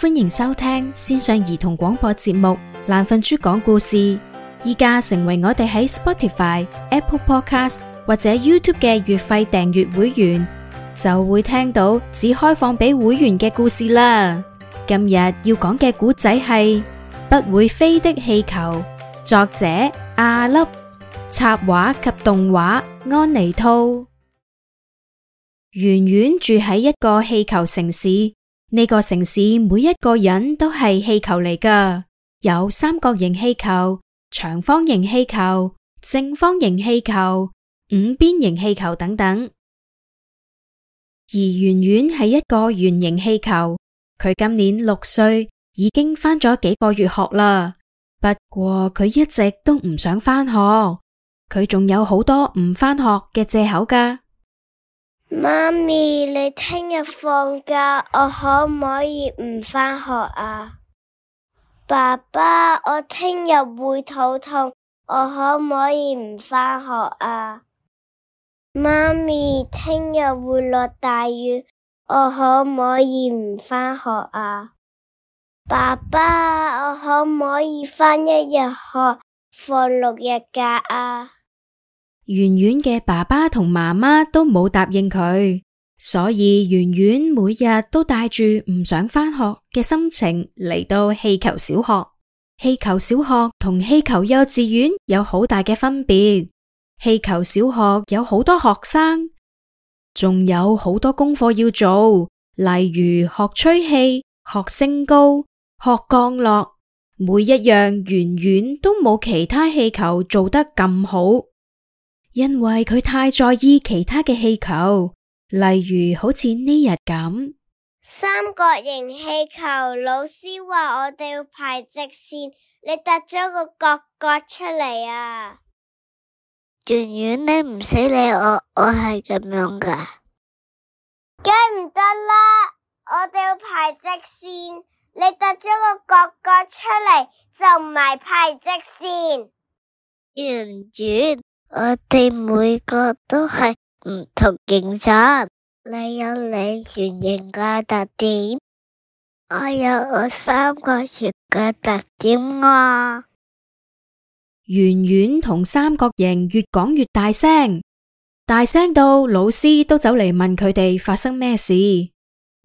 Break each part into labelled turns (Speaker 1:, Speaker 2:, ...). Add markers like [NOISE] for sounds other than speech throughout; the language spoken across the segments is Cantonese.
Speaker 1: 歡迎收聽綫上兒童廣播節目《爛瞓豬講故事》。依家成為我哋喺 Spotify、Apple Podcast 或者 YouTube 嘅月費訂閱會員，就會聽到只開放俾會員嘅故事啦。今日要講嘅故仔係《不會飛的氣球》，作者阿粒，插畫及動畫安妮兔。圓圓住喺一個氣球城市。呢個城市每一個人都係氣球嚟噶，有三角形氣球、長方形氣球、正方形氣球、五邊形氣球等等。而圓圓係一個圓形氣球，佢今年六歲，已經返咗幾個月學啦。不過佢一直都唔想返學，佢仲有好多唔返學嘅借口噶。媽咪，你聽日放假，
Speaker 2: 我可唔可以唔返學啊？爸爸，我聽日會肚痛，我可唔可以唔返學啊？媽咪，聽日會落大雨，我可唔可以唔返學啊？爸爸，我可唔可以返一日學，放六日假啊？
Speaker 1: 圓圓嘅爸爸同媽媽都冇答應佢，所以圓圓每日都帶住唔想返學嘅心情嚟到氣球小學。氣球小學同氣球幼稚園有好大嘅分別。氣球小學有好多學生，仲有好多功課要做，例如學吹氣、學升高、學降落，每一樣圓圓都冇其他氣球做得咁好。因為佢太在意其他嘅氣球，例如好似呢日咁。三
Speaker 2: 角形氣球，老師話我哋要排直線，你搭咗個角角出嚟啊！圓圓，你唔使理我，我係咁樣㗎，梗唔得啦！我哋要排直線，你搭咗個角角出嚟就唔係排直線。圓圓。我哋每個都係唔同形狀，你有你圓形嘅特點，我
Speaker 1: 有我三角形嘅特點啊！圓圓同三角形越講越大聲，大聲到老師都走嚟問佢哋發生咩事。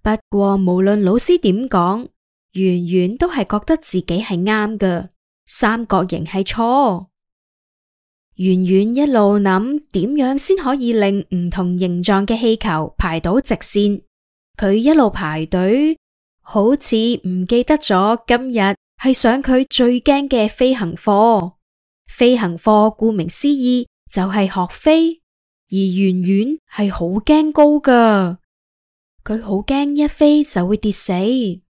Speaker 1: 不過，無論老師點講，圓圓都係覺得自己係啱嘅，三角形係錯。圓圓一路諗點樣先可以令唔同形狀嘅氣球排到直線。佢一路排隊，好似唔記得咗今日係上佢最驚嘅飛行課。飛行課顧名思義就係學飛，而圓圓係好驚高㗎，佢好驚一飛就會跌死。圓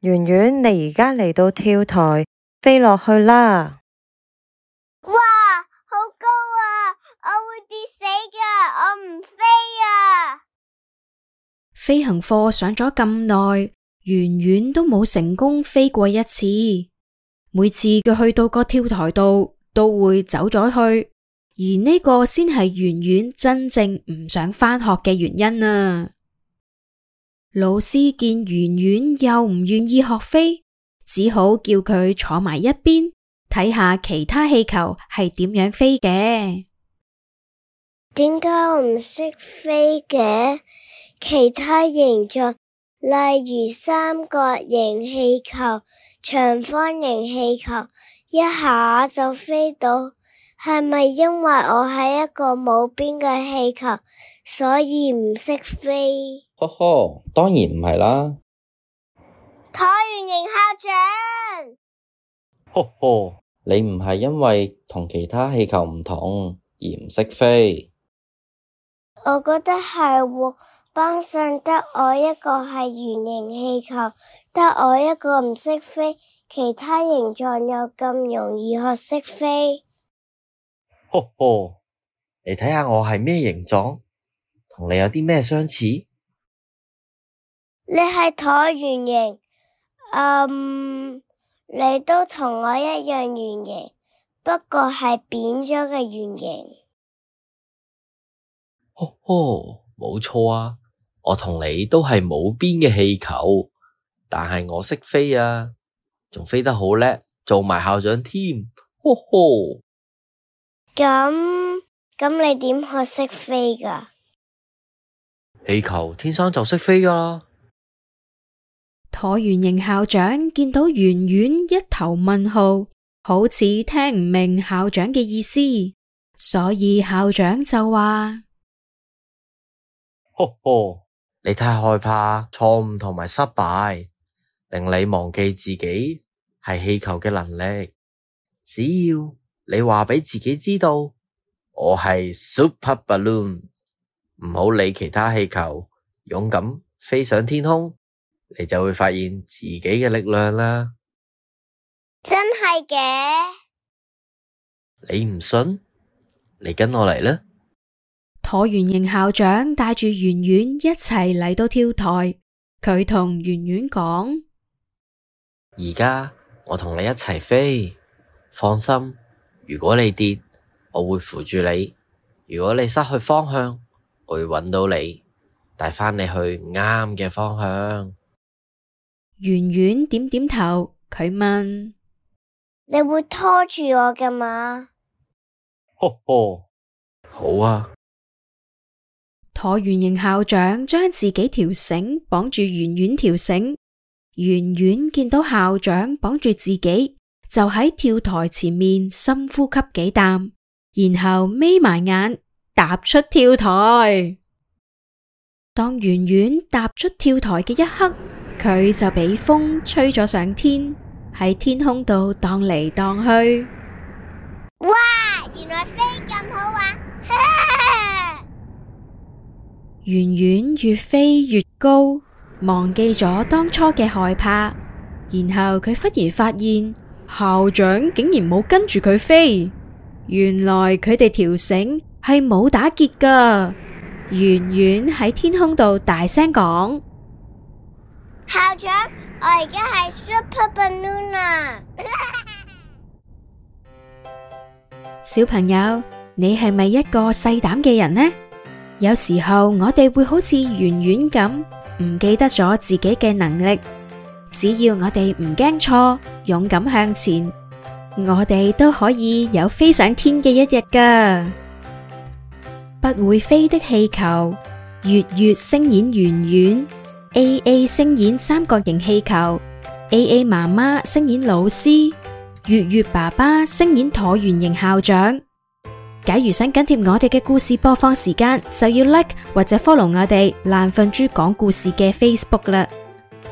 Speaker 1: 圓，你而家嚟到跳台，飛落去啦！唔飛啊！飛行課上咗咁耐，圓圓都冇成功飛過一次。每次佢去到個跳台度，都會走咗去。而呢個先係圓圓真正唔想返學嘅原因啊！老師見圓圓又唔願意學飛，只好叫佢坐埋一邊睇下其他氣球係點樣飛嘅。
Speaker 2: 點解我唔識飛嘅？其他形狀，例如三角形氣球、長方形氣球，一下就飛到，係咪因為我係一個冇邊嘅氣球，所以唔識飛？
Speaker 3: 呵呵，當然唔係啦。
Speaker 2: 橢圓形校長，呵
Speaker 3: 呵，你唔係因為同其他氣球唔同而唔識飛。
Speaker 2: 我覺得係我、哦、班上得我一個係圓形氣球，得我一個唔識飛，其他形狀又咁容易學識飛。
Speaker 3: 呵呵，你睇下我係咩形狀，同你有啲咩相似？
Speaker 2: 你係橢圓形，嗯，你都同我一樣圓形，不過係扁咗嘅圓形。
Speaker 3: 哦哦，冇錯啊！我同你都係冇邊嘅氣球，但係我識飛啊，仲飛得好叻，做埋校長添。
Speaker 2: 哦哦，咁咁你點學識飛㗎？
Speaker 3: 氣球天生就識飛㗎啦。
Speaker 1: 橢圓形校長見到圓圓一頭問號，好似聽唔明校長嘅意思，所以校長就話。
Speaker 3: 哦，你太害怕錯誤同埋失敗，令你忘記自己係氣球嘅能力。只要你話俾自己知道，我係 Super Balloon，唔好理其他氣球，勇敢飛上天空，你就會發現自己嘅力量啦。
Speaker 1: 真係嘅？
Speaker 3: 你唔信？你跟我嚟啦。
Speaker 1: 可圓形校長帶住圓圓一齊嚟到跳台，佢同圓圓講：
Speaker 3: 而家我同你一齊飛，放心，如果你跌，我會扶住你；如果你失去方向，我會揾到你，帶返你去啱
Speaker 2: 嘅方向。
Speaker 1: 圓圓點點頭，佢問：
Speaker 2: 你會拖住我㗎嘛？」「呵呵，
Speaker 3: 好啊。
Speaker 1: 橢圓形校長將自己條繩綁住圓圓條繩，圓圓見到校長綁住自己，就喺跳台前面深呼吸幾啖，然後眯埋眼踏出跳台。當圓圓踏出跳台嘅一刻，佢就畀風吹咗上天，喺天空度蕩嚟蕩去。哇！
Speaker 2: 原來飛咁好啊！ [LAUGHS]
Speaker 1: 圓圓越飛越高，忘記咗當初嘅害怕。然後佢忽然發現，校長竟然冇跟住佢飛，原來佢哋條繩係冇打結噶。圓圓喺天空度大聲講：
Speaker 2: 校長，我而家係 Super Banana。
Speaker 1: 小朋友，你係咪一個細膽嘅人呢？有時候我哋會好似圓圓咁，唔記得咗自己嘅能力。只要我哋唔驚錯，勇敢向前，我哋都可以有飛上天嘅一日㗎。不會飛的氣球，玥玥聲演圓圓，AA 聲演三角形氣球，AA 媽媽聲演老師，玥玥爸爸聲演橢圓形校長。假如想緊貼我哋嘅故事播放時間，就要 like 或者 follow 我哋爛瞓豬講故事嘅 Facebook 啦！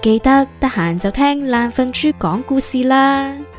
Speaker 1: 記得得閒就聽爛瞓豬講故事啦～